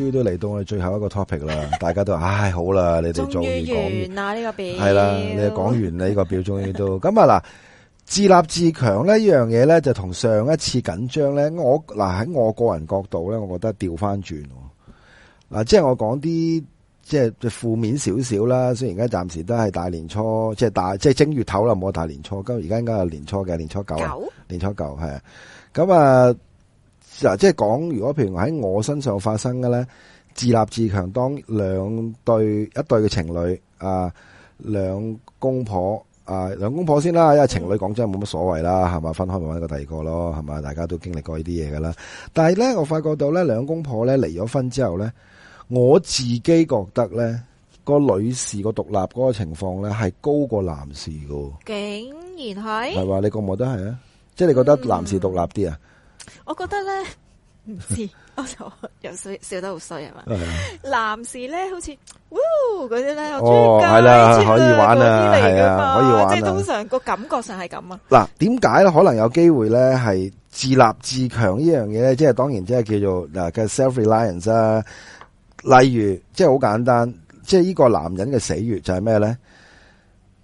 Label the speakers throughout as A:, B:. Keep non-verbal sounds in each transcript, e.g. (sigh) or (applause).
A: 終於都嚟到我哋最後一個 topic 啦，大家都唉好啦， (laughs) 你哋終於講完啦呢、這個表，係啦，你講完你呢、這個表終於都咁啊嗱，自立自強咧呢樣嘢咧就同上一次緊張咧，我嗱喺、啊、我個人角度咧，我覺得掉返轉嗱，即、啊、係、就是、我講啲即係負面少少啦。雖然而家暫時都係大年初，即、就、係、是、大即係、就是、正月頭啦，冇大年初，咁而家應該係年初嘅年初九,九，年初九係啊，咁啊。嗱，即係講，如果譬如喺我身上發生嘅咧，自立自強，當兩對一對嘅情侶啊，兩公婆啊，兩公婆先啦，因為情侶講真冇乜所謂啦，係嘛，分開咪搵個第二個咯，係嘛，大家都經歷過呢啲嘢噶啦。但係咧，我發覺到咧，兩公婆咧離咗婚之後咧，我自己覺得咧，個女士個獨立嗰個情況咧係高過男士噶，
B: 竟然係係
A: 嘛，你覺唔覺得係啊？嗯、即係你覺得男士獨立啲啊？
B: 我覺得咧唔似，我就又衰笑得好衰係嘛。男士咧好似，嗰啲咧
A: 哦係啦，可以玩啦，係啊，可以玩啦。即係通
B: 常個感覺上係咁啊。
A: 嗱，點解咧？可能有機會咧，係自立自強呢樣嘢咧，即係當然即係叫做嗱嘅 self-reliance 啊。例如，即係好簡單，即係呢個男人嘅死穴就係咩咧？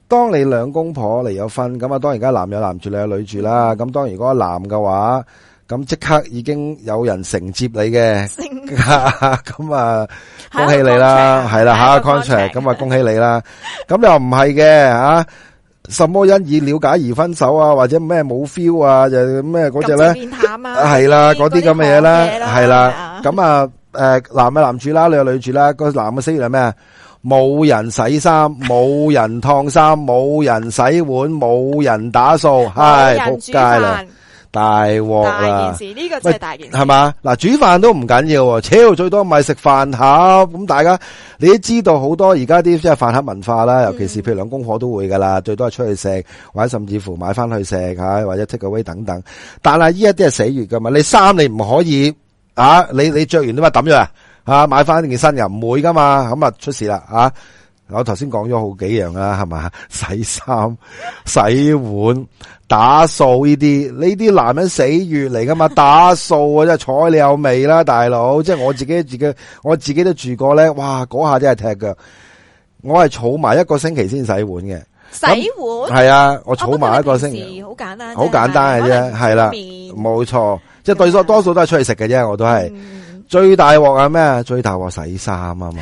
A: 當你兩公婆離咗婚咁啊，當然而家男有男住，女有女住啦。咁當然個男嘅話，咁即刻已經有人承接你嘅，咁啊恭喜你啦，係啦吓，contract，咁啊恭喜你啦。咁你又唔係嘅吓，什麼因以了解而分手啊，或者咩冇 feel 啊，就咩嗰隻咧？係啦，嗰啲咁嘅嘢咧，係啦。咁啊，誒男嘅男主啦，女嘅女主啦，個男嘅死穴係咩啊？冇人洗衫，冇人燙衫，冇人洗碗，冇人打掃，係仆街啦。大鑊啦！呢個真係大件事，係嘛？嗱、這個，煮飯都唔緊要緊，超最多咪食飯盒。咁、啊、大家你都知道好多，而家啲即係飯盒文化啦，尤其是譬如兩公婆都會噶啦、嗯，最多係出去食，或者甚至乎買翻去食，吓、啊、或者 take away 等等。但係依一啲係死穴噶嘛，你衫你唔可以啊？你你着完都咪抌咗啊？買翻件新又唔會噶嘛？咁啊出事啦我頭先講咗好幾樣啦，係咪洗衫、洗碗、打掃呢啲，呢啲男人死穴嚟㗎嘛？打掃啊，真係睬你有味啦，大佬！即係我自己，自己我自己都住過咧，哇！嗰下真係踢腳，我係儲埋一個星期先洗碗嘅。
B: 洗碗係啊，
A: 我儲埋一個星期，好、啊、簡單，好簡單嘅啫，係啦，冇錯、啊，即係對數多數都係出去食嘅啫，我都係最大鑊係咩？最大鑊洗衫啊嘛。 (laughs)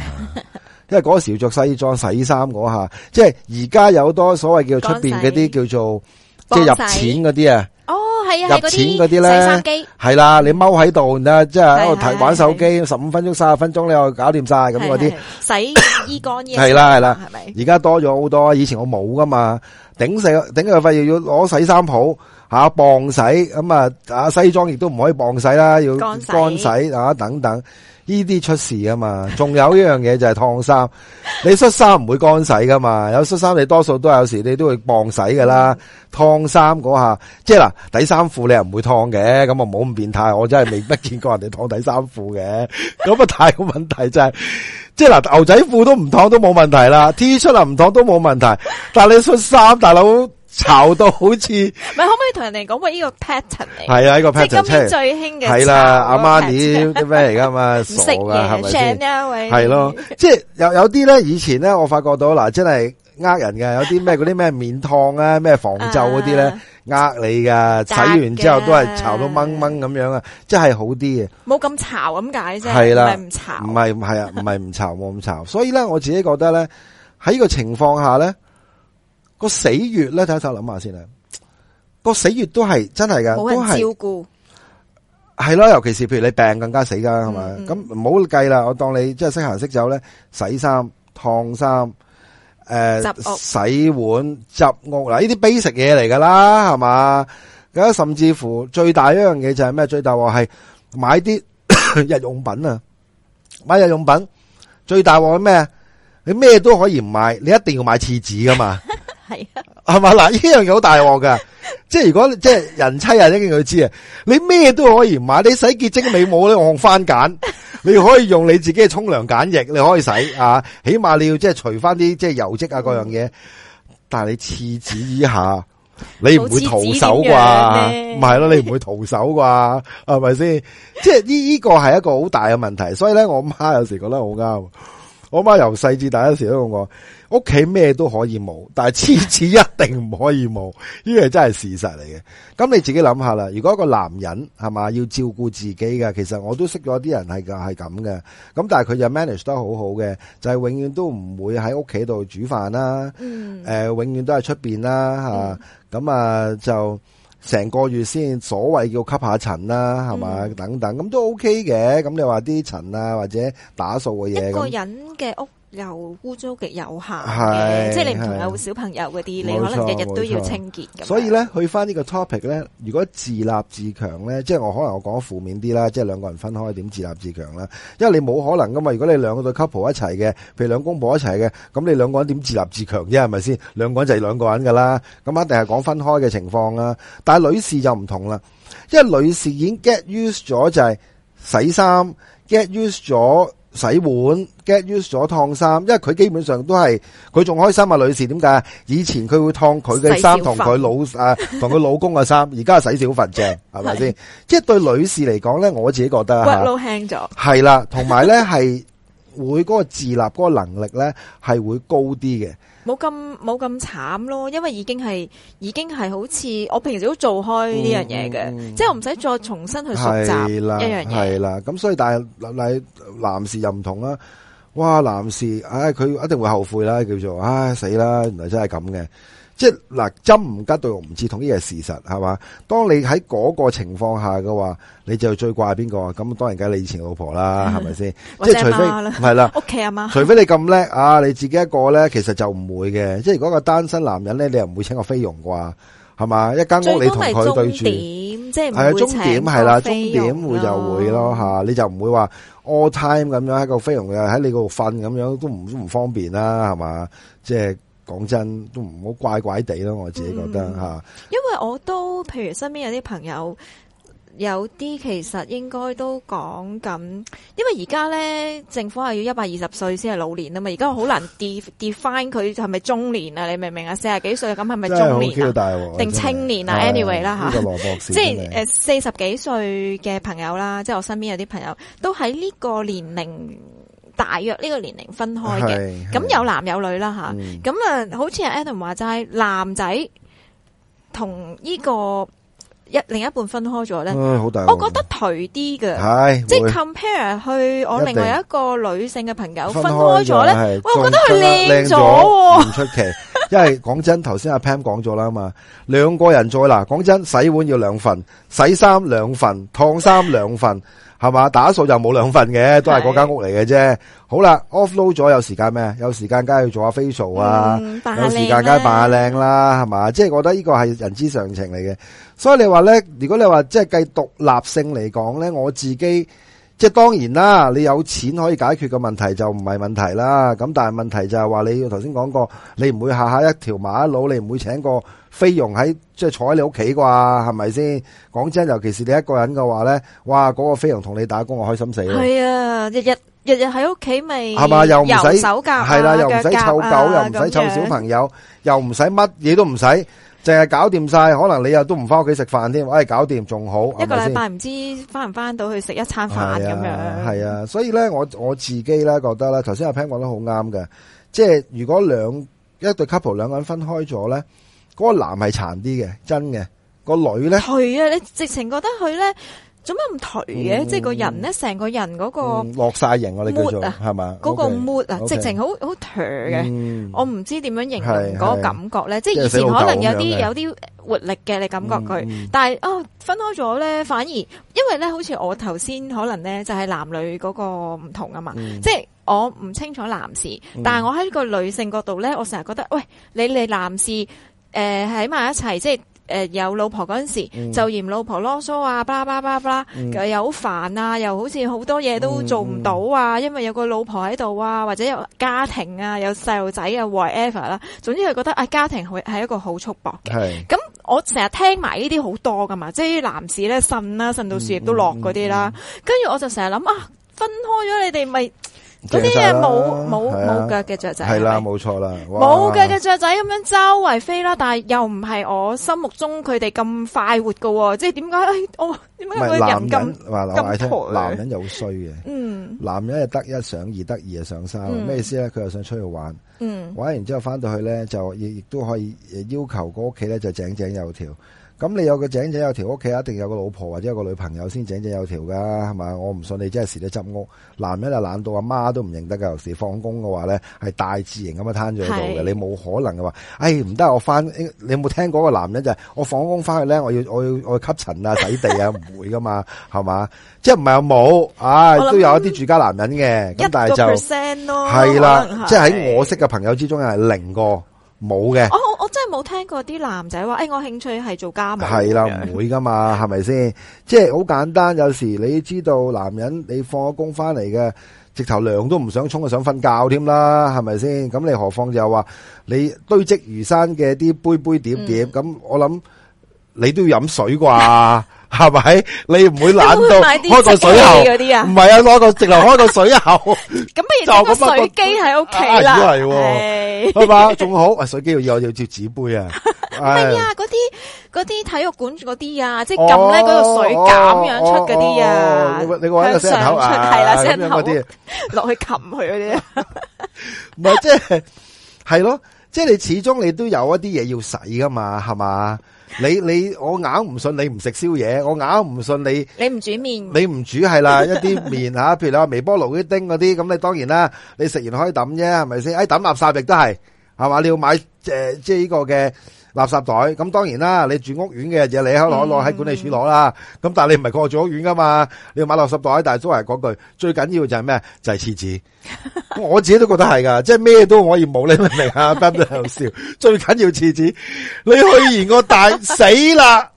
A: 即係嗰個時着西裝洗衫嗰下，即係而家有好多所謂叫出邊嗰啲叫做即係入錢嗰啲啊。
B: 哦，係啊，入錢嗰啲
A: 洗衫機係啦，你踎喺度，即係喺度玩手機，十五分鐘、三十分鐘，你又搞掂晒咁嗰啲洗衣乾嘢。係啦係啦，係咪？而家多咗好多，以前我冇噶嘛，頂死頂係費事要攞洗衫鋪吓磅洗，咁啊啊西裝亦都唔可以磅洗啦，要乾洗啊等等。呢啲出事啊嘛，仲有一樣嘢就係燙衫，你恤衫唔會乾洗噶嘛，有恤衫你多數都有時你都會磅洗噶啦，燙衫嗰下，即係嗱底衫褲你又唔會燙嘅，咁啊冇咁變態，我真係未不未必見過人哋燙底衫褲嘅，咁啊太個問題就係、是，即係嗱牛仔褲都唔燙都冇問題啦，T 恤啊唔燙都冇問題，但係你恤衫大佬。巢到好似，
B: 咪可唔可以同人哋講喂？呢個 pattern 嚟，係、那個、 (laughs) 啊，呢個 pattern 即係今次最興嘅，係啦，阿瑪尼啲
A: 咩嚟噶嘛？唔識嘅，係咯，即係有有啲咧，以前咧，我發覺到嗱，真係呃人嘅，有啲咩嗰啲咩免燙啊，咩防皺嗰啲咧，呃、啊、你噶，洗完之後都係巢到掹掹咁樣啊，真係好啲嘅，
B: 冇咁巢咁解啫，係咪唔巢？唔係唔係啊，唔係
A: 唔巢冇咁巢， (laughs) 不不炒 (laughs) 所以咧，我自己覺得咧，喺呢個情況下咧。個死穴咧，睇下先諗下先個個死穴都係真係噶，都係照顧係咯，尤其是譬如你病更加死噶係嘛？咁唔好計啦，我當你即係識行識走咧，洗衫、燙衫、誒、呃、洗碗、執屋呢啲 basic 嘢嚟噶啦，係嘛？咁甚至乎最大一樣嘢就係咩？最大鑊係買啲 (laughs) 日用品啊！買日用品最大鑊咩？你咩都可以唔買，你一定要買廁紙噶嘛！ (laughs) 係啊，係嘛嗱？呢樣嘢好大鑊噶，即係如果即係人妻，人一定要佢知啊！你咩都可以買，你洗潔精美、美毛都用番鹼， (laughs) 你可以用你自己嘅沖涼鹼液，你可以洗啊！起碼你要即係除翻啲即係油漬啊，各樣嘢。但係你廁紙以下，你唔會逃手啩？咪係咯，你唔會逃手啩？係咪先？即係呢呢個係一個好大嘅問題，所以咧，我媽有時覺得好啱。我媽由細至大，有時都講我屋企咩都可以冇，但係妻子一定唔可以冇，呢個係真係事實嚟嘅。咁你自己諗下啦。如果一個男人係嘛要照顧自己嘅，其實我都識咗啲人係嘅，係咁嘅。咁但係佢就 manage 得好好嘅，就係、是、永遠都唔會喺屋企度煮飯啦。誒、嗯呃，永遠都喺出邊啦。吓咁啊，啊就。成個月先，所謂叫吸下塵啦，係嘛？等等，咁都 OK 嘅。咁你話啲塵啊，或者打掃嘅嘢，一個人
B: 嘅屋。又污糟極有限嘅，即係你唔同有小朋友嗰啲，你可能日日都要清潔。所
A: 以咧，去翻呢個 topic 咧，如果自立自強咧，即係我可能我講負面啲啦，即係兩個人分開點自立自強啦。因為你冇可能噶嘛，如果你兩個對 couple 一齊嘅，譬如兩公婆一齊嘅，咁你兩個人點自立自強啫？係咪先？兩個人就係兩個人噶啦，咁一定係講分開嘅情況啦。但係女士就唔同啦，因為女士已經 get used 咗就係洗衫，get used 咗。洗碗 get used 咗燙衫，因為佢基本上都係佢仲開心啊，女士點解？以前佢會燙佢嘅衫同佢老同佢老,、啊、老公嘅衫，而家洗少份賬係咪先？即係對女士嚟講咧，我自己覺得骨輕咗、啊，係啦，同埋咧係會嗰個自立嗰個能力咧係會高啲嘅。 (laughs)
B: 冇咁冇咁慘咯，因為已經係已經係好似我平時都做開呢樣嘢嘅，即係我唔使再重新去熟習一樣嘢。係
A: 啦，咁所以但係嗱，男士又唔同啦，哇！男士唉，佢一定會後悔啦，叫做唉死啦，原來真係咁嘅。即係嗱，針唔吉對唔知，同呢個係事實，係嘛？當你喺嗰個情況下嘅話，你就最怪邊個啊？咁當然梗係你以前老婆，嗯啊、啦，係咪先？即係除非係啦，屋企阿媽除非你咁叻 (laughs) 啊，你自己一個咧，其實就唔會嘅。即係如果個單身男人咧，你又唔會請個菲傭啩？係嘛？一間屋你同佢對住，點對，即係係啊？終點係啦，終點會就會咯吓、啊，你就唔會話 all time 咁樣一個菲傭嘅喺你嗰度瞓咁樣，都唔都唔方便啦，係嘛？即係。講真，都唔好怪怪地咯，我自己覺得吓、嗯。
B: 因為我都，譬如身邊有啲朋友，有啲其實應該都講緊，因為而家咧，政府係要一百二十歲先係老年啊嘛。而家好難 define 佢係咪中年啊？你明唔明啊？四十幾歲咁係咪中年
A: 啊？定青年啊？Anyway 啦吓、anyway, (laughs) 呃，即係誒四十
B: 幾歲嘅朋友啦，即係我身邊有啲朋友都喺呢個年齡。大約呢個年齡分開嘅，咁有男有女啦吓，咁啊，好似阿 Adam 話就係男仔同呢個一另一半分開咗咧，好大，我覺得頹啲嘅，係即係 compare 去我另外一個女性嘅朋友分開咗咧，我覺得佢靚咗，唔
A: 出奇，因為講真，頭先阿 Pam 講咗啦嘛，兩個人再嗱，講真，洗碗要兩份，洗衫兩份，燙衫兩份。係嘛，打數就冇兩份嘅，都係嗰間屋嚟嘅啫。好啦，offload 咗有時間咩？有時間梗係要做下 facial 啊，有時間梗係扮下靚啦，嗯，係嘛？即係覺得呢個係人之常情嚟嘅。所以你話咧，如果你話即係計獨立性嚟講咧，我自己即係當然啦。你有錢可以解決嘅問題就唔係問題啦。咁但係問題就係話你要頭先講過，你唔會下下一條馬路，你唔會請個。菲傭喺即係坐喺你屋企啩，係咪先？講真，尤其是你一個人嘅話咧，哇！嗰個菲傭同你打工，我開心死啦！係
B: 啊，日日日日喺屋企咪係嘛，又唔使手夾腳夾啊，又唔使湊狗，又唔使湊小朋
A: 友，又唔使乜嘢都唔使，淨係搞掂晒。可能你又都唔翻屋企食飯添，唉，搞掂仲好。一個禮拜
B: 唔知翻唔翻到去食一
A: 餐飯咁樣。係啊，所以咧，我我自己咧覺得啦，頭先阿 pen 講得好啱嘅，即係如果兩一對 couple 兩個人分開咗咧。嗰個男係殘啲嘅，真嘅。個女咧，頹啊！你
B: 直情覺得佢咧做咩唔頹嘅？即係個人咧，成個人嗰個
A: 落晒型，我哋叫做係嘛？嗰個 mood 啊，直情
B: 好好頹嘅。我唔知點樣形容嗰個感覺咧。即係以前可能有啲有啲活力嘅，你感覺佢，但係啊分開咗咧，反而因為咧，好似我頭先可能咧就係男女嗰個唔同啊嘛。即係我唔清楚男士，但係我喺個女性角度咧，我成日覺得喂，你哋男士。誒喺埋一齊，即係誒、呃、有老婆嗰陣時候、嗯，就嫌老婆囉嗦啊，巴拉巴拉巴拉，又好煩啊，又好似好多嘢都做唔到啊、嗯，因為有個老婆喺度啊，或者有家庭啊，有細路仔啊，whatever 啦，總之佢覺得啊，家庭係一個好束縛嘅。咁我成日聽埋呢啲好多㗎嘛，即係啲男士咧呻啦，呻、啊、到樹葉都落嗰啲啦，跟、嗯、住、嗯嗯嗯嗯、我就成日諗啊，分開咗你哋咪。
A: 嗰啲嘢冇冇冇腳嘅雀仔，係啦、啊，冇錯啦，冇腳嘅
B: 雀仔咁樣周圍飛啦，但係又唔係我、啊、心目中佢哋咁快活噶，即係點解？我點解
A: 佢人咁咁男人有衰嘅，嗯，男人係得一想二，得二啊上三，咩、嗯、意思咧？佢又想出去玩，嗯，玩完之後返到去咧就亦亦都可以要求個屋企咧就井井有條。咁你有個井井有條屋企，一定有個老婆或者有個女朋友先井井有條噶，係嘛？我唔信你真係時得執屋。男人啊懶到阿媽都唔認得噶。有時放工嘅話咧，係大自然咁樣攤住喺度嘅，你冇可能嘅話，哎唔得，我翻。你有冇聽過個男人就係我放工翻去咧，我要我要我要吸塵啊，洗地啊，唔 (laughs) 會噶嘛，係嘛？即係唔係又冇啊？都有一啲住家男人嘅，咁、嗯、但係就
B: 係啦，即係喺我
A: 識嘅朋友之中係零個。冇嘅，
B: 我我真係冇聽過啲男仔話，誒，我興趣係做家務，
A: 係啦，唔會噶嘛，係咪先？即係好簡單，有時你知道男人你放咗工翻嚟嘅，直頭涼都唔想沖，想瞓覺添啦，係咪先？咁你何況就話你堆積如山嘅啲杯杯碟碟，咁我諗。你都要飲水啩，係 (laughs) 咪？你唔會懶到開個水喉？唔係啊，攞個直流開個水喉。
B: 咁 (laughs) 不如就咁水機喺屋企係係，係嘛？仲
A: 好啊，啊 (laughs) 好水機要要要接紙杯啊。哎 (laughs) 呀、啊，嗰啲
B: 嗰啲體育館嗰啲啊， (laughs) 即係撳咧嗰個水咁樣出
A: 嗰啲啊， (laughs) 啊，向上出係啦，向上嗰啲
B: 落去冚佢嗰啲。
A: 唔係即係係咯，即係你始終你都有一啲嘢要洗噶嘛，係嘛？你你我硬唔信你唔食宵夜，我硬唔信你。
B: 你唔煮麵，你
A: 唔煮，係啦，一啲麵吓，譬如你話微波爐嗰啲叮嗰啲，咁你當然啦，你食完可以抌啫，係咪先？誒，抌垃圾亦都係，係嘛？你要買誒，即係呢個嘅垃圾袋，咁當然啦，你住屋苑嘅嘢你可攞攞喺管理處攞啦，咁、嗯、但係你唔係過住屋苑噶嘛，你要買垃圾袋，但係都講句最緊要就係咩？就係廁紙， (laughs) 我自己都覺得係噶，即係咩都可以冇，你 (laughs) 明唔明啊？不斷喺度笑，， (laughs) 最緊要廁紙，你去完個大 (laughs) 死啦，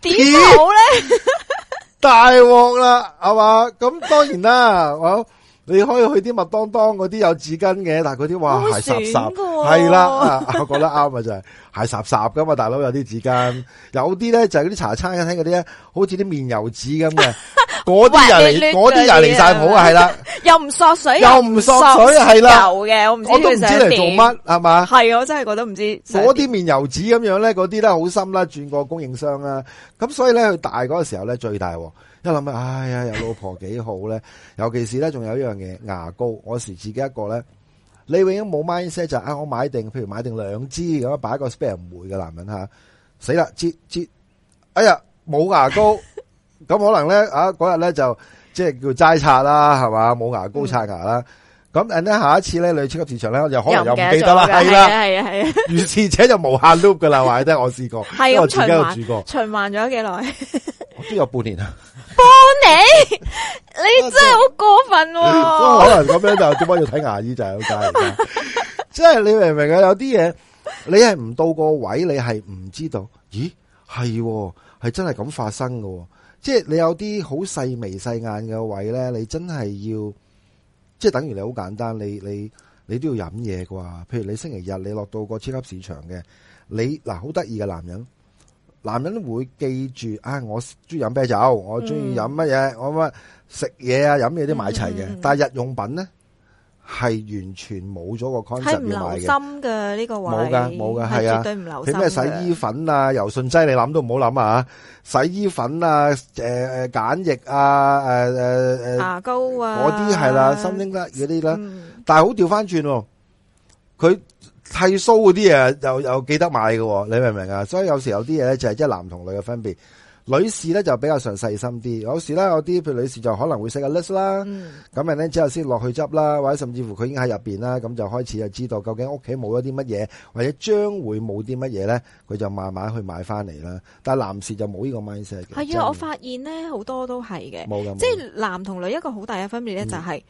A: 點好咧？ (laughs) (laughs) 大鑊啦，係嘛？咁當然啦，好。你可以去啲麥當當嗰啲有紙巾嘅，但係嗰啲哇，鞋濕濕，係啦， (laughs) 我覺得啱啊，就係鞋濕濕噶嘛，大佬，有啲紙巾，有啲咧就係嗰啲茶餐廳嗰啲咧，好似啲面油紙咁嘅，嗰 (laughs) 啲些人嚟，啲 (laughs) 人嚟晒鋪啊，係啦，
B: 又唔索水，又唔索水，係啦，油嘅，我唔知我都唔知嚟做乜，係 (laughs) 嘛？係啊我真係覺得唔知。嗰啲
A: 面油紙咁樣咧，嗰啲咧好深啦，轉過供應商啦，咁所以咧佢大嗰個時候咧最大。一諗啊，哎呀，有老婆幾好咧！尤其是咧，仲有一樣嘢，牙膏，我時自己一個咧，你永遠冇 mindset 就是、啊，我買定，譬如買定兩支咁樣，擺一個 spare 唔會嘅男人吓、啊，死啦！支支，哎呀，冇牙膏，咁 (laughs) 可能咧啊嗰日咧就即係叫齋刷啦，係嘛？冇牙膏刷牙啦。咁誒咧，下一次咧去超級市場咧，我就可能又唔記得啦，係啦，係啊，係啊，如、嗯、是者就無限 loop 噶啦，話 (laughs) 你聽我試過，因為我自己度住過，循
B: 環咗幾耐，
A: 都 (laughs) 有半年啊。
B: 幫你，你真係好過分啊啊。喎、啊啊！可能
A: 咁樣就點解要睇牙醫 (laughs) 就係咁解？即、就、係、是、你明唔明啊？有啲嘢你係唔到個位，你係唔知道。咦，係係真係咁發生喎！即、就、係、是、你有啲好細眉細眼嘅位咧，你真係要即係、就是、等於你好簡單，你你你都要飲嘢啩？譬如你星期日你落到個超級市場嘅，你嗱好得意嘅男人。男人會記住啊！我中意飲啤酒，我中意飲乜嘢，我乜食嘢啊、飲嘢都買齊嘅。但係日用品咧，係完全冇咗個 concept 要買嘅。冇心
B: 嘅呢個話題係絕對唔留心嘅。洗咩洗衣
A: 粉啊、柔順劑，你諗都唔好諗啊！洗衣粉啊、誒誒鹼液啊、誒誒誒牙膏啊，嗰啲係啦，新英德嗰啲啦。但係好調翻轉，佢。剃鬚嗰啲嘢又又記得買嘅，你明唔明啊？所以有時有啲嘢咧就係即係男同女嘅分別，女士咧就比較上細心啲，有時咧有啲譬如女士就可能會寫個 list 啦、嗯，咁樣咧之後先落去執啦，或者甚至乎佢已經喺入邊啦，咁就開始就知道究竟屋企冇咗啲乜嘢，或者將會冇啲乜嘢咧，佢就慢慢去買翻嚟啦。但係男士就冇呢個 mindset。係啊，我發
B: 現咧好多都係嘅，即係男同女一個好大嘅分別咧就係，是。嗯，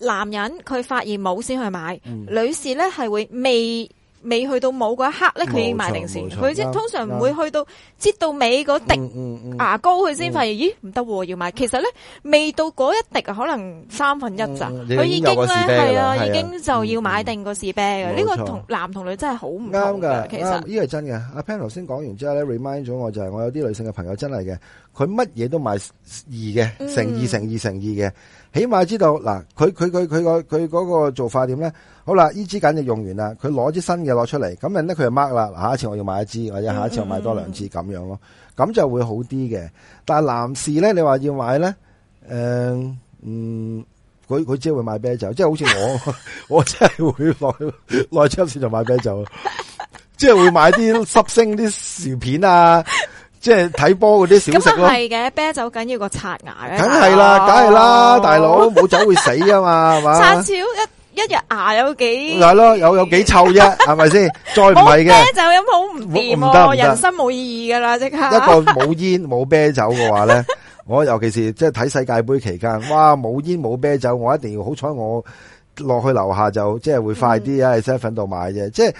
B: 男人佢發現冇先去買，嗯、女士呢係會未，未去到冇嗰一刻呢，佢已經買定先。佢即通常唔會去到擠到尾嗰滴牙膏，佢先發現，咦，唔得喎，要買。其實呢，未到嗰一滴可能三分一咋，佢已經呢，係啊，已經就要買定個士啤嘅。呢個同男同女真
A: 係好唔啱㗎。其實呢個係真嘅。阿 Pan 頭先講完之後呢佢乜嘢都買二嘅，成二成二成二嘅，嗯、起碼知道嗱，佢佢佢佢個佢嗰個做法點咧？好啦，呢支簡直用完啦，佢攞支新嘅攞出嚟，咁人咧，佢就 mark 啦。下一次我要買一支，或者下一次我買多兩支咁樣咯，咁就會好啲嘅。但係男士咧，你話要買咧，誒，嗯，佢、嗯、佢只會買啤酒，即、就、係、是、好似我， (laughs) 我真係會耐耐抽時就買啤酒，即、就、係、是、會買啲濕星啲薯片啊。即係睇波嗰啲小食咯，咁係
B: 嘅，啤酒緊要個刷牙嘅，梗係啦，梗係啦，大佬
A: 冇 (laughs) 酒會死啊嘛，刷少
B: 一一日牙有幾，係 (laughs)
A: 咯，有有幾臭啫，係咪先？再唔係嘅，啤
B: 酒飲好唔掂，啊，我人生冇意義噶啦，即刻。一個
A: 冇煙冇啤酒嘅話咧， (laughs) 我尤其是即係睇世界杯期間，哇，冇煙冇啤酒，我一定要好彩我落去樓下就即係會快啲喺 seven 度買啫，即係。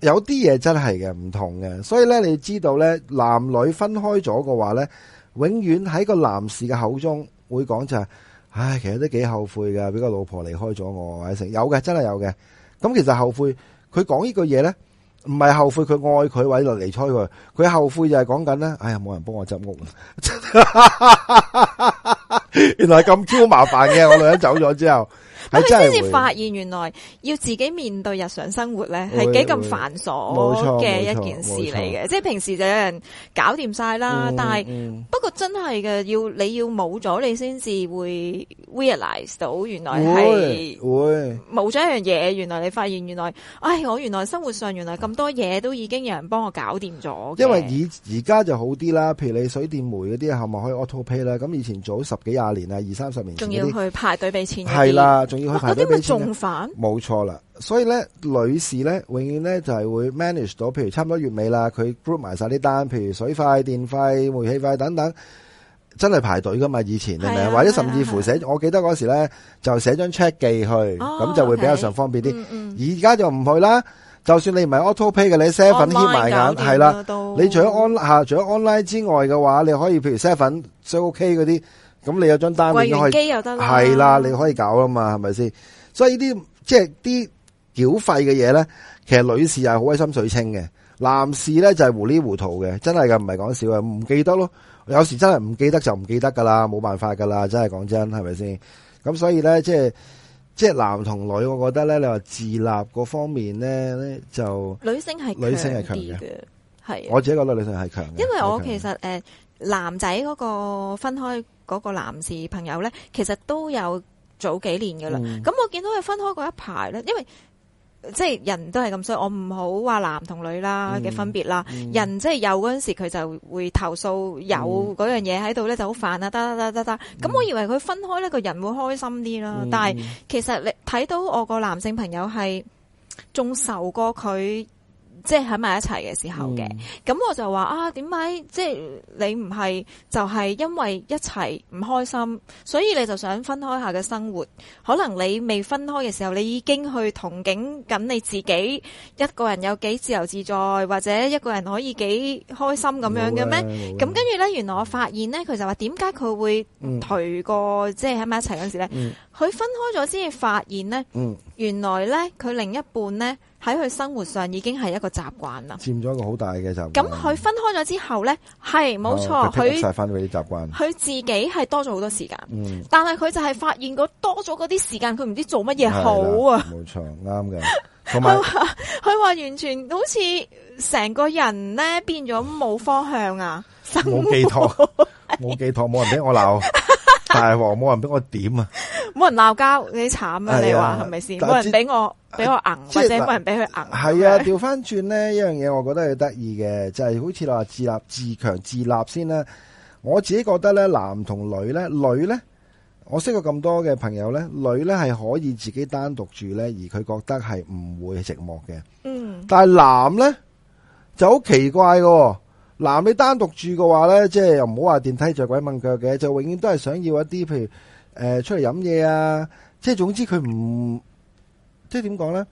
A: 有啲嘢真係嘅唔同嘅，所以咧，你知道咧，男女分開咗嘅話咧，永遠喺個男士嘅口中會講就係，唉，其實都幾後悔嘅，俾個老婆離開咗我，有成有嘅，真係有嘅。咁其實後悔，佢講呢句嘢咧，唔係後悔佢愛佢，或者離咗佢，佢後悔就係講緊咧，唉呀，冇人幫我執屋， (laughs) 原來咁 Q 麻煩嘅，我女人走咗之後。 (laughs) 佢先至發
B: 現原來要自己面對日常生活咧，係幾咁繁瑣嘅一件事嚟嘅。即係平時就有人搞掂晒啦，但係、嗯、不過真係嘅，要你要冇咗你先至會 realize 到原來係會冇咗一樣嘢。原來你發現原來，唉、哎，我原來生活上原來咁多嘢都已經有人幫我搞掂咗。因為而
A: 而家就好啲啦，譬如你水電煤嗰啲，係咪可以 auto pay 啦？咁以前早十幾廿年啊，二三十年仲要去
B: 排隊俾錢，係啦，
A: 仲。嗰啲重犯，冇錯啦。所以咧，女士咧，永遠咧就係、是、會 manage 到，譬如差唔多月尾啦，佢 group 埋曬啲單，譬如水費、電費、煤氣費等等，真係排隊噶嘛？以前係咪啊？或者甚至乎寫，啊啊、我記得嗰時咧就寫張 check 寄去，咁、哦、就會比較上方便啲。而、哦、家、okay 嗯嗯、就唔去啦。就算你唔係 auto pay 嘅，你 set 粉埋眼，係啦。你除咗 online，除咗 online 之外嘅話，你可以譬如 Seven 都 OK 嗰啲。咁你有張單，你已經可以，機又得，係啦，你可以搞吖嘛，係咪先？所以呢啲即係啲繳費嘅嘢咧，其實女士係好鬼心水清嘅，男士咧就係糊裏糊塗嘅，真係噶，唔係講笑啊，唔記得咯。有時真係唔記得就唔記得噶啦，冇辦法噶啦，真係講真，係咪先？咁所以咧，即係即係男同女，我覺得咧，你話自立嗰方面咧，就女
B: 性係女性係強嘅，係我
A: 自己覺得女性係強嘅，因為我其實
B: 誒男仔嗰個分開。嗰、那個男士朋友呢，其實都有早幾年㗎啦。咁、嗯、我見到佢分開嗰一排呢，因為即係、就是、人都係咁，所以我唔好話男同女啦嘅分別啦。嗯、人即係有嗰陣時，佢就會投訴有嗰樣嘢喺度呢，就好煩啊！得得得得得。咁我以為佢分開呢、那個人會開心啲啦，嗯、但係其實你睇到我個男性朋友係仲受過佢。即係喺埋一齊嘅時候嘅，咁、嗯、我就話啊，點解即係你唔係就係、是、因為一齊唔開心，所以你就想分開下嘅生活？可能你未分開嘅時候，你已經去憧憬緊你自己一個人有幾自由自在，或者一個人可以幾開心咁樣嘅咩？咁跟住呢，原來我發現呢，佢就話點解佢會頹過、嗯、即係喺埋一齊嗰時呢。嗯佢分開咗先至發現咧，原來咧佢另一半咧喺佢生活上已經係一個習慣啦，
A: 佔咗一個好大嘅習慣。咁佢
B: 分開咗之後咧，係冇錯，佢劈咗晒
A: 翻啲習慣，佢
B: 自己係多咗好多時間、嗯，但係佢就係發現嗰多咗嗰啲時間，佢唔知做乜嘢好
A: 啊。冇錯，啱嘅。佢話
B: 佢話完全好似成個人咧變咗冇方向啊，
A: 冇寄託。冇寄託，冇人俾我鬧，大王冇 (laughs) 人俾我點 (laughs) 沒
B: 啊！冇人鬧交，你慘啊！你話係咪先？冇人俾我俾、啊、我硬，或者冇人俾佢硬。係啊，
A: 調翻轉呢一樣嘢，我覺得係得意嘅，就係、是、好似話自立、自強、自立先啦。我自己覺得咧，男同女咧，女咧，我識過咁多嘅朋友咧，女咧係可以自己單獨住咧，而佢覺得係唔會寂寞嘅。嗯，但係男咧就好奇怪噶。嗱，你單獨住嘅話咧，即係又唔好話電梯着鬼問腳嘅，就永遠都係想要一啲，譬如誒、呃、出嚟飲嘢啊，即係總之佢唔，即係點講咧？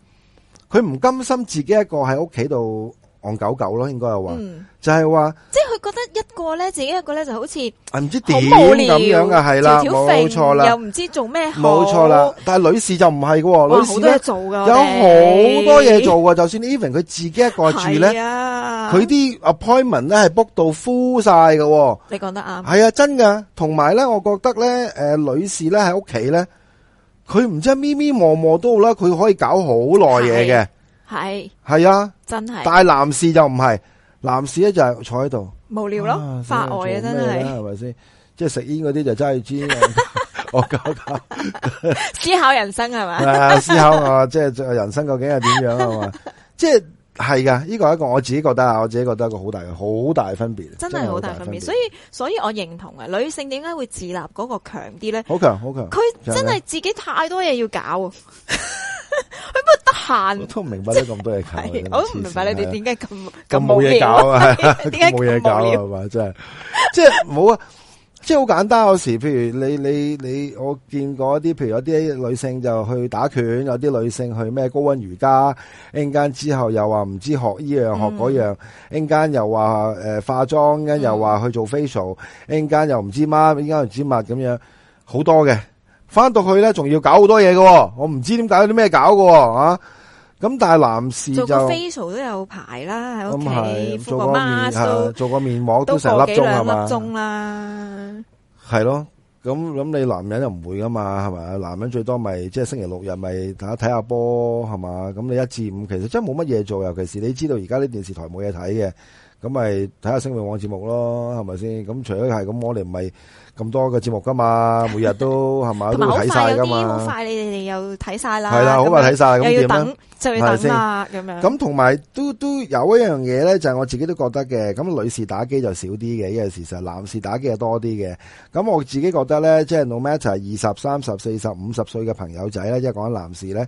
A: 佢唔甘心自己一個喺屋企度戇狗狗咯，應該係話，就係、是、話，
B: 即係佢覺得。
A: 一個咧，自己一個咧，就好似唔、啊、知點咁樣嘅係啦，冇錯啦，又唔
B: 知做咩，冇錯啦。
A: 但係女士就唔係噶，女士呢，有好多嘢做噶，有好多嘢做噶。就算 even 佢自己一個住咧，佢啲、啊、appointment 咧係 book 到 full 晒噶。你講得
B: 啱，係
A: 啊，真噶。同埋咧，我覺得咧，誒、呃，女士咧喺屋企咧，佢唔知咪咪磨磨都好啦，佢可以搞好耐嘢嘅，係係啊，真係。但係男士就唔係，男士咧就係坐喺度。
B: 無聊咯，發呆啊，外啊真係係
A: 咪先？即係食煙嗰啲就真係煎，我搞搞
B: 思考人生係咪？ (laughs) 思
A: 考我即係人生究竟係點樣啊嘛？即係係噶，呢、呢個係一個我自己覺得啊，我自己覺得一個好大好大，大分別，真係好大分別。所以
B: 所以我認同啊，女性點解會自立嗰個強啲咧？好
A: 強好強，佢真係
B: 自己太多嘢要搞。 (laughs) 我都唔
A: 明白咧，咁多嘢搞，我都唔
B: 明白你哋點解咁咁冇嘢搞啊？點解冇嘢
A: 搞啊？真 (laughs) 係，即係冇啊！即係好簡單。有 (laughs) 時，譬如你你你，我見過啲譬如有啲女性就去打拳，有啲女性去咩高溫瑜伽，一陣間之後又話唔知學呢樣，嗯，學嗰樣。一陣間又話誒化妝，跟又話去做 facial，一陣間又唔知乜，一陣間又唔知乜咁樣，好多嘅。翻到去咧，仲要搞好多嘢嘅，我唔知點解啲咩搞嘅啊！咁但係男士就做
B: 個 facial 都有排啦，喺屋企，
A: 做個面膜都成粒鐘係嘛，粒鐘係咯，咁咁你男人又唔會噶嘛係嘛，男人最多咪即係星期六日咪睇睇下波係嘛，咁你一至五其實真係冇乜嘢做，尤其是你知道而家啲電視台冇嘢睇嘅，咁咪睇下新聞網節目咯，係咪先？咁除咗係咁，我哋唔係。咁多嘅節目噶嘛，每日都係嘛，都睇晒噶嘛。同埋好快，有啲好快，你哋
B: 哋又睇晒啦。係啦，好快睇晒，又要等，就要等啦咁樣。
A: 咁同埋都都有一樣嘢咧，就係我自己都覺得嘅。咁女士打機就少啲嘅，依樣事實，男士打機就多啲嘅。咁我自己覺得咧，即係 no matter 二十、三十、四十、五十歲嘅朋友仔咧，即係講緊男士咧。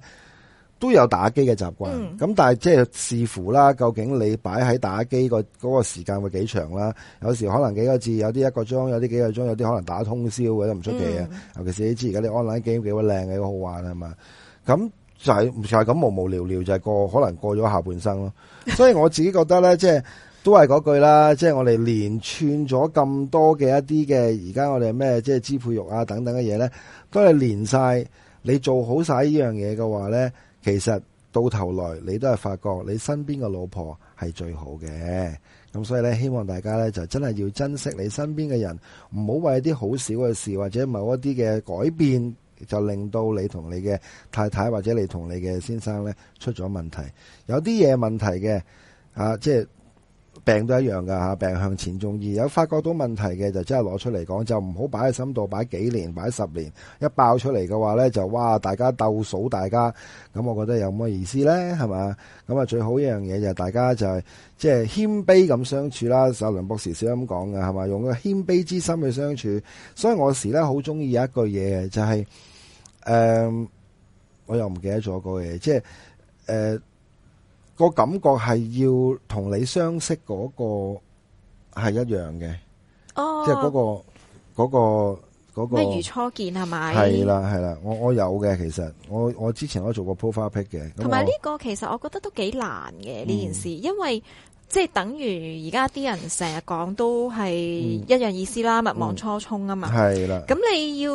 A: 都有打機嘅習慣，咁、嗯、但係即係視乎啦，究竟你擺喺打機嗰個時間會幾長啦？有時可能幾個字，有啲一個鐘，有啲幾個鐘，有啲可能打通宵嘅都唔出奇啊、嗯！尤其是你知而家啲 online game 幾鬼靚嘅，這個、好玩係嘛？咁就係、是、咁、就是、無無聊聊，就係、是、過可能過咗下半生咯。 (laughs) 所以我自己覺得咧，即係都係嗰句啦，即係我哋連串咗咁多嘅一啲嘅而家我哋咩即係支配欲啊等等嘅嘢咧，都係連晒。你做好晒呢樣嘢嘅話咧。其實到頭來你都係發覺你身邊嘅老婆係最好嘅，咁所以咧，希望大家咧就真係要珍惜你身邊嘅人，唔好為啲好少嘅事或者某一啲嘅改變就令到你同你嘅太太或者你同你嘅先生咧出咗問題，有啲嘢問題嘅啊，即係。就是病都一樣噶吓，病向淺中醫有發覺到問題嘅就真係攞出嚟講，就唔好擺喺心度，擺幾年，擺十年，一爆出嚟嘅話咧就哇，大家鬥數，大家咁，我覺得有乜意思咧？係嘛，咁啊最好一樣嘢就係大家就係即係謙卑咁相處啦。就梁博士先咁講㗎，係嘛，用個謙卑之心去相處。所以我時咧好中意有一句嘢就係、是、誒、呃，我又唔記得咗句嘢，即係誒。呃個感覺係要同你相識嗰個係一樣嘅，
B: 即係嗰個
A: 嗰個嗰個。不如初
B: 見係咪？係啦，
A: 係啦，我我有嘅其實，我我之前我做過 profile pic 嘅。同埋呢個
B: 其實我覺得都幾難嘅呢件事，因為即係等於而家啲人成日講都係一樣意思啦，勿忘初衷啊嘛。係啦，咁你要。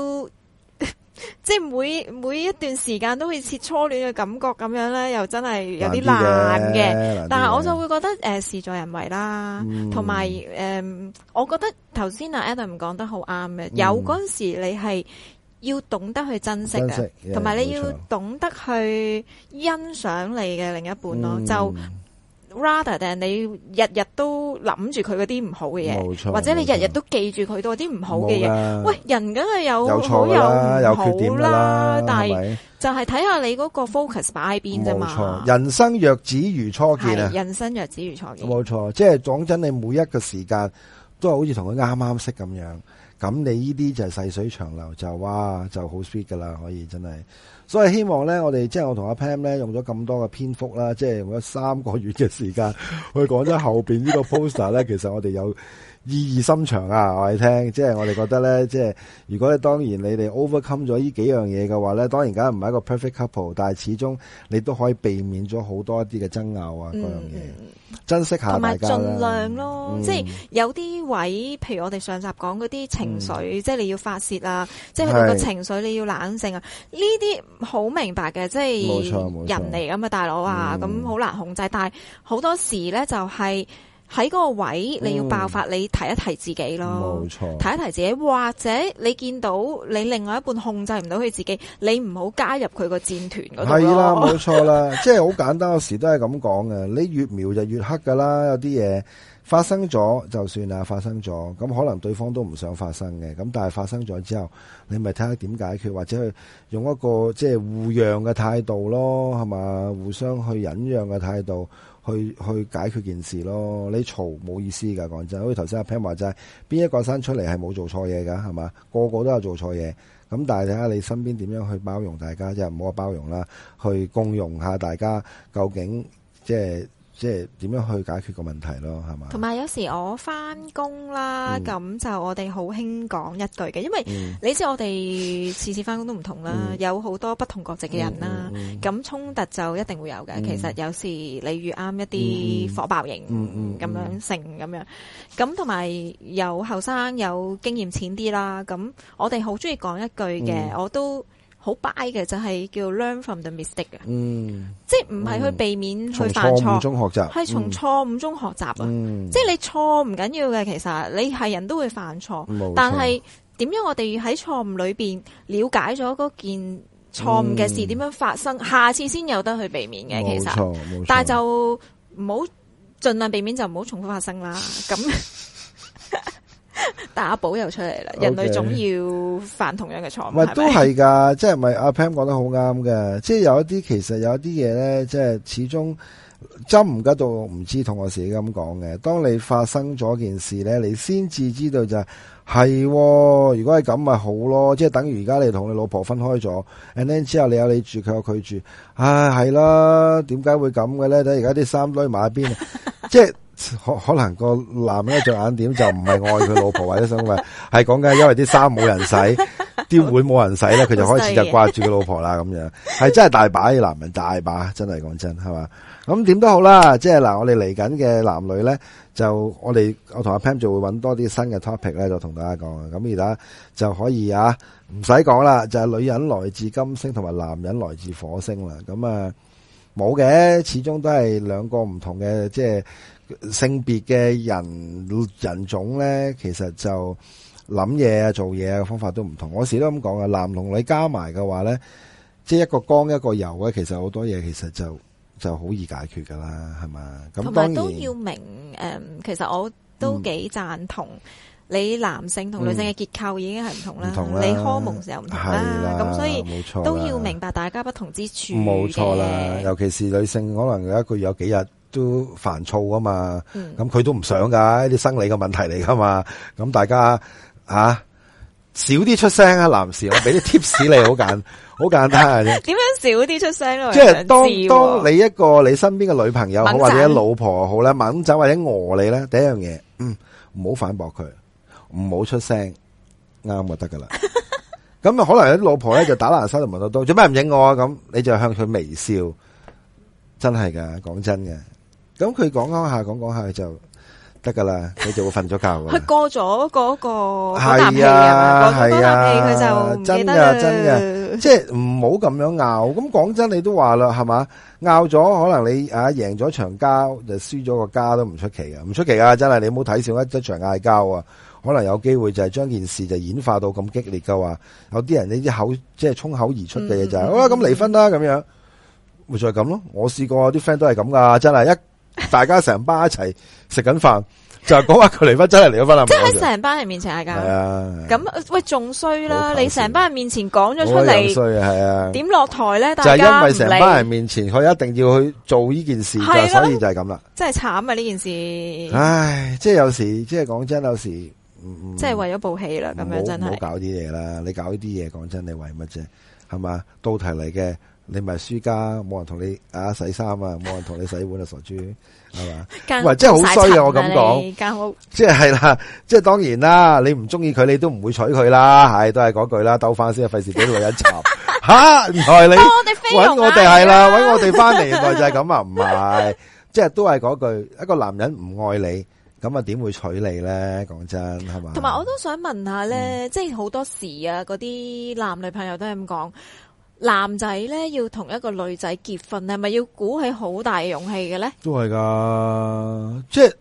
B: 即係每每一段時間都會似初戀嘅感覺咁樣咧，又真係有啲難嘅。但係我就會覺得誒，呃、事在人為啦，同埋誒，我覺得頭先阿 Adam 講得好啱嘅，有嗰陣時你係要懂得去珍惜嘅，同埋你要懂得去欣賞你嘅另一半咯，嗯、就。rather than 你日日都諗住佢嗰啲唔好嘅嘢，或者你日日都記住佢嗰啲唔好嘅嘢。喂，人梗係有有錯啦，有缺點啦，但係就係睇下你嗰個 focus 擺喺邊啫嘛。
A: 人生若只如初見啊！
B: 人生若只如初見。
A: 冇錯，即係講真，你每一個時間都係好似同佢啱啱識咁樣。咁你呢啲就係細水長流，就哇就好 sweet 噶啦，可以真係。所以希望咧，我哋即係我同阿 Pam 咧，用咗咁多嘅篇幅啦，即係用咗三個月嘅時間去講咗後邊呢個 poster 咧， (laughs) 其實我哋有。意義深長啊！我哋聽，即係我哋覺得咧，即係如果你當然你哋 overcome 咗呢幾樣嘢嘅話咧，當然梗係唔係一個 perfect couple，但係始終你都可以避免咗好多一啲嘅爭拗啊嗰、嗯、樣嘢，珍惜下大家同埋盡量咯，嗯、即係
B: 有啲位，譬如我哋上集講嗰啲情緒，嗯、即係你要發泄啊，嗯、即係佢個情緒你要冷靜啊，呢啲好明白嘅，即係人嚟咁啊，大佬啊，咁好難控制，嗯、但係好多時咧就係、是。喺嗰個位，你要爆發，你提一提自己咯。嗯，冇錯，提一提自己，或者你見到你另外一半控制唔到佢自己，你唔好加入佢個戰團嗰度。係啦，冇
A: 錯啦，即係好簡單，有時都係咁講嘅。你越描就越黑噶啦，有啲嘢發生咗就算啦，發生咗咁可能對方都唔想發生嘅，咁但係發生咗之後，你咪睇下點解決，或者去用一個即係互讓嘅態度咯，係嘛，互相去忍讓嘅態度。去去解決件事咯，你嘈冇意思噶，講真，好似頭先阿平話齋，邊一個生出嚟係冇做錯嘢噶，係嘛？個個都有做錯嘢，咁但係睇下你身邊點樣去包容大家，即係唔好話包容啦，去共融下大家，究竟即係。即係點樣去解決個問題咯，係嘛？
B: 同埋有,有時我翻工啦，咁、嗯、就我哋好興講一句嘅，因為你知道我哋次次翻工都唔同啦，嗯、有好多不同國籍嘅人啦，咁、嗯、衝、嗯嗯、突就一定會有嘅、嗯。其實有時你遇啱一啲火爆型咁樣成，咁、嗯、樣，咁同埋有後生有經驗淺啲啦，咁我哋好中意講一句嘅、嗯嗯，我都。好 buy 嘅就係、是，叫 learn from the mistake，嗯嗯，即係唔係去避免去犯錯，係從錯誤中學習，係從錯誤中學習啊，嗯！即係你錯唔緊要嘅，其實你係人都會犯錯，但係點樣我哋喺錯誤裏邊了解咗嗰件錯誤嘅事點樣發生，嗯，下次先有得去避免嘅，其實，但係就唔好盡量避免就唔好重複發生啦，咁。 (laughs) 但阿寶又出嚟啦，人類總要犯同樣嘅錯誤，唔、okay、都係噶，
A: 即係咪阿、啊、Pam 講得好啱嘅？即係有一啲其實有一啲嘢咧，即係始終針唔吉到，唔知同我自己咁講嘅，當你發生咗件事咧，你先至知道就係、是啊，如果係咁咪好咯，即係等於而家你同你老婆分開咗，And then 之後你有你住，佢有佢住，唉、哎，係啦、啊，點解會咁嘅咧？睇而家啲衫堆埋邊即係。可可能個男人一着眼點就唔係愛佢老婆或者生活，係講緊因為啲衫冇人洗，啲碗冇人洗咧，佢 (laughs) 就開始就掛住佢老婆啦咁樣，係真係大把男人大把，真係講真係嘛？咁點都好啦，即係嗱，我哋嚟緊嘅男女咧，就我哋我同阿 Pam 就會搵多啲新嘅 topic 咧，就同大家講。咁而家就可以啊，唔使講啦，就係、是、女人來自金星，同埋男人來自火星啦。咁啊，冇嘅，始終都係兩個唔同嘅即係。性別嘅人人種咧，其實就諗嘢啊、做嘢啊嘅方法都唔同。我時都咁講噶，男同女加埋嘅話咧，即係一個光一個油咧，其實好多嘢其實就就好易解決噶啦，係嘛？咁當然同埋都要
B: 明誒，其實我都幾讚同你男性同女性嘅結構已經係唔同啦，你荷爾蒙時又唔同啦，咁所以都要明白大家不同之處。冇錯啦，
A: 尤其是女性可能有一個月有幾日。都煩躁啊嘛，咁佢都唔想噶，呢啲生理嘅問題嚟噶嘛，咁大家啊少啲出聲啊，男士，我俾啲 tips 你，好簡，好簡單嘅啫。
B: 點樣少啲出聲咧？即係當當你
A: 一個你身邊嘅女朋友好或者老婆好咧，猛走或者餓你咧，第一樣嘢，嗯，唔好反駁佢，唔好出聲，啱就得噶啦。咁啊，可能有啲老婆咧就打爛沙盆問到篤，做咩唔應我啊？咁你就向佢微笑，真係噶，講真嘅。咁佢講講下，講講下就得噶啦，你就會瞓咗覺。佢
B: 過咗嗰個係啊，
A: 係啊佢就真嘅真嘅，即係唔好咁樣拗。咁講真，你都話啦，係嘛？拗咗可能你啊贏咗場交就輸咗個家都唔出奇嘅，唔出奇噶真係。你唔好睇小一一場嗌交啊，可能有機會就係將件事就演化到咁激烈嘅話，有啲人呢啲口即係衝口而出嘅嘢就，好啦咁離婚啦咁樣，會再咁咯。我試過啲 friend 都係咁噶，真係一。 (laughs) 大家成班一齊食緊飯，就係講話佢離婚真係離咗婚啦。即係喺成
B: 班人面前啊，咁喂仲衰啦！你成班人面前講咗出
A: 嚟，點
B: 落台咧？就係因為成班人
A: 面前，佢 (laughs) 一,、就是、一,一定要去做呢件事，所以就係咁啦。
B: 真係慘啊！呢件事，唉，
A: 即係有時，即係講真，有時、嗯、即係
B: 為咗部戲啦。咁樣真係，唔好
A: 搞啲嘢啦！你搞啲嘢，講真，你為乜啫？係嘛，到題嚟嘅。你咪輸家，冇人同你啊洗衫啊，冇、啊、人同你洗碗啊傻豬，係嘛？喂，真係好衰啊！我咁講，即係係啦，即係當然啦，你唔中意佢，你都唔會娶佢啦，係都係嗰句啦，兜翻先啊，費事俾女人插吓，唔係你搵我哋係、啊、啦，搵我哋翻嚟， (laughs) 原來就係咁啊，唔係，即係都係嗰句，一個男人唔愛你，咁啊點會娶你咧？講真係嘛？同埋
B: 我都想問下咧，嗯、即係好多時啊，嗰啲男女朋友都係咁講。男仔咧要同一個女仔結婚，係咪要鼓起好大勇氣嘅咧？
A: 都係噶，即係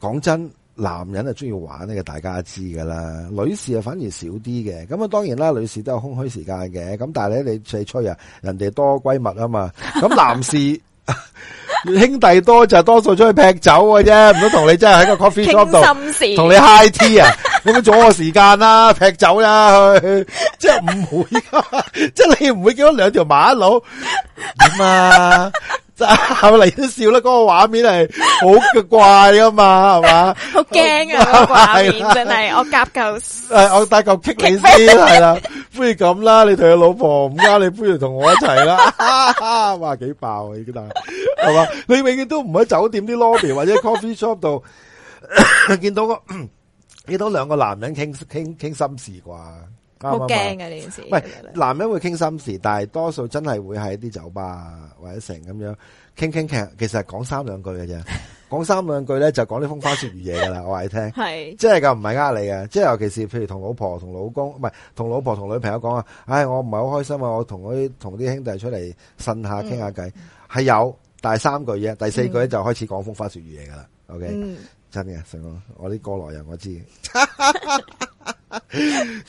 A: 講真，男人啊中意玩呢個，大家知噶啦。女士啊反而少啲嘅，咁啊當然啦，女士都有空虛時間嘅，咁但係咧你最初啊，人哋多閨蜜啊嘛，咁男士。 (laughs) (laughs) 兄弟多就多數出去劈酒嘅啫，唔好同你真係喺個 coffee shop 度傾心事，同你 high tea 啊？咁阻我時間啦，劈酒啦，去，即係唔會，即 (laughs) 係 (laughs) 你唔會見到兩條馬路點啊？ (laughs) (laughs) 後嚟都笑啦，嗰、嗰個畫面係好怪噶嘛，係 (laughs) 嘛？好驚啊！ (laughs) 個畫面真
B: 係，我夾嚿，誒， (laughs)
A: 我帶嚿 kick 你先啦。 (laughs) 不如咁啦，你同你老婆唔啱，你不如同我一齊啦。哈 (laughs) 哇，幾爆啊！依家，係嘛？你永遠都唔喺酒店啲 lobby 或者 coffee shop 度見到個見到兩個男人傾傾傾心事啩？好驚
B: 呀，呢件
A: 事喂。男人會傾心事，但係多數真係會喺啲酒吧或者成咁樣傾傾，其其實係講三兩句嘅啫。 (laughs) 講三兩句咧，就講啲風花雪月嘢噶啦，我話你聽，係，即係噶唔係呃你嘅，即係尤其是譬如同老婆，同老公，唔係同老婆同女朋友講啊，唉、哎，我唔係好開心啊，我同嗰啲同啲兄弟出嚟，呻下傾下偈，係、嗯、有，第三句啫，第四句咧、嗯、就開始講風花雪月嘢噶啦，OK、嗯、真嘅，成我我啲過來人我知，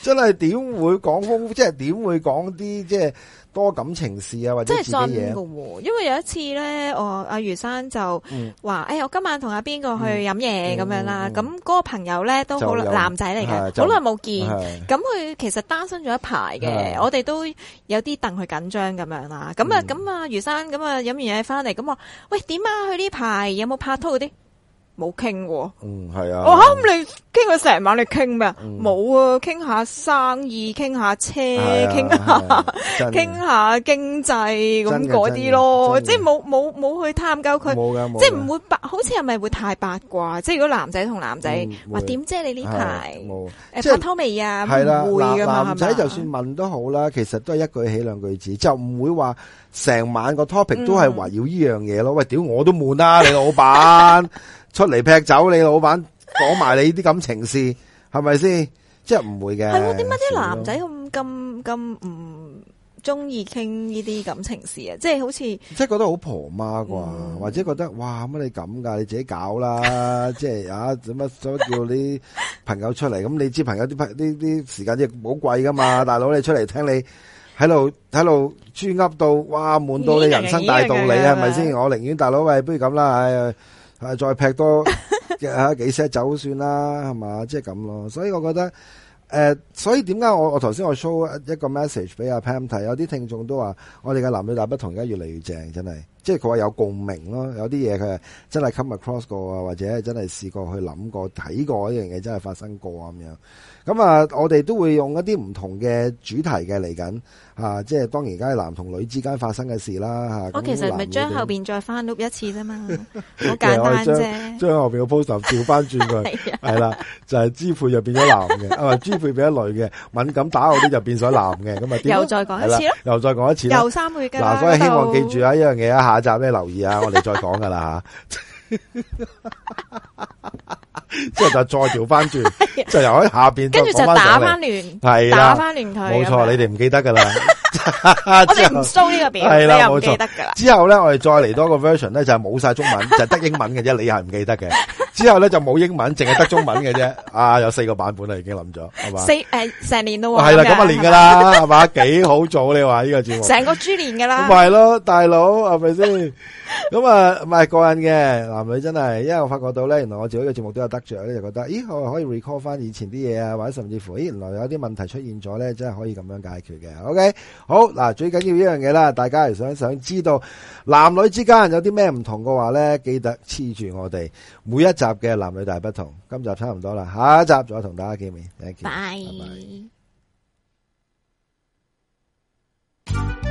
A: (laughs) 真係點會講風，即係點會講啲即係。多感情事啊，或者其他嘢嘅喎，
B: 因為有一次咧，我、哦、阿余生就話、嗯，哎我今晚同阿邊個去飲嘢咁樣啦。咁、那、嗰個朋友咧都好男仔嚟嘅，好耐冇見。咁佢其實單身咗一排嘅，我哋都有啲戥佢緊張咁樣啦。咁啊，咁啊、嗯，余生咁啊，飲完嘢翻嚟，咁我喂，點啊？佢呢排有冇拍拖嗰啲？冇傾
A: 喎，嗯係啊，哇咁你
B: 傾佢成晚，你傾咩？冇啊，傾下生意，傾下車，傾、啊、下傾、啊啊、下經濟咁嗰啲咯，即係冇冇冇去探究佢，即係唔會好似係咪會太八卦？即係如果男仔同男仔，話點啫？你呢排誒拍拖未啊？係啦、啊啊，男係咪男仔就算
A: 問都好啦，其實都係一句起兩句止，就唔會話成晚個 topic、嗯、都係圍繞呢樣嘢咯。喂，屌我都悶啦，你老闆。 (laughs) 出嚟劈酒，你老闆講埋你啲感情事，係咪先？即係唔會嘅。係，點解啲男仔
B: 咁咁咁唔中意傾呢啲感情事啊？即係好似
A: 即係覺得好婆媽啩，或者覺得哇乜你咁噶？你自己搞啦！即係啊，點乜點乜叫你朋友出嚟？咁你知朋友啲朋呢啲時間亦好貴噶嘛？大佬你出嚟聽你喺度喺度專噏到哇，悶到你人生大道理係咪先？我寧願大佬喂，不如咁啦，唉。係再劈多幾 set 走算啦，係 (laughs) 嘛？即係咁咯，所以我覺得，誒、呃、所以點解我我頭先我 show 一個 message 俾阿 Pam 睇，有啲聽眾都話，我哋嘅男女大不同而家越嚟越正，真係。即係佢話有共鳴咯，有啲嘢佢係真係 come across 過啊，或者真係試過去諗過、睇過一樣嘢，真係發生過咁樣。咁啊，我哋都會用一啲唔同嘅主題嘅，嚟緊吓即係當而家係男同女之間發生嘅事啦，咁我其實咪將後
B: 面再翻錄一次啫嘛，好簡單啫。 (laughs)
A: 將後面個 pose 調翻轉佢，係 (laughs) 啦、啊，就係支配又變咗男嘅， (laughs) 啊支配變咗女嘅，敏感打我啲就變咗男嘅，咁啊又再講一次咯，又再講一次啦，又三個月嗱，所、啊、以希望記住啊，一樣嘢啊～下集咩留意啊？我哋再講噶啦， (laughs) (laughs) 之後就再調翻轉， (laughs) 就由喺下邊跟住就打翻亂，係打翻亂佢，冇錯。 (laughs) (laughs) (laughs) (laughs) 你哋唔記得噶啦，我哋唔掃呢個表，你又唔記得噶啦。之後咧，我哋再嚟多個 version 咧，就係冇晒中文， (laughs) 就係得英文嘅啫。你又係唔記得嘅。 (laughs) 之後咧，就冇英文，淨係得中文嘅啫。啊，有四個版本啦，已經諗咗係嘛？四
B: 誒，成年都係啦。咁啊，年噶啦，
A: 係嘛？幾好早你話呢個節目？成
B: 個豬年噶
A: 啦。唔係咯，大佬係咪先？咁啊，唔係個人嘅男女真係，因為我發覺到咧，原來我自己個節目都有得着咧，就覺得咦，我可以 recall 翻以前啲嘢啊，或者甚至乎，咦，原來有啲問題出現咗咧，真係可以咁樣解決嘅。OK，好嗱，最緊要一樣嘢啦，大家係想想知道男女之間有啲咩唔同嘅話咧，記得黐住我哋每一集。嘅男女大不同，今集差唔多啦，下一集再同大家見面，再見，
B: 拜拜。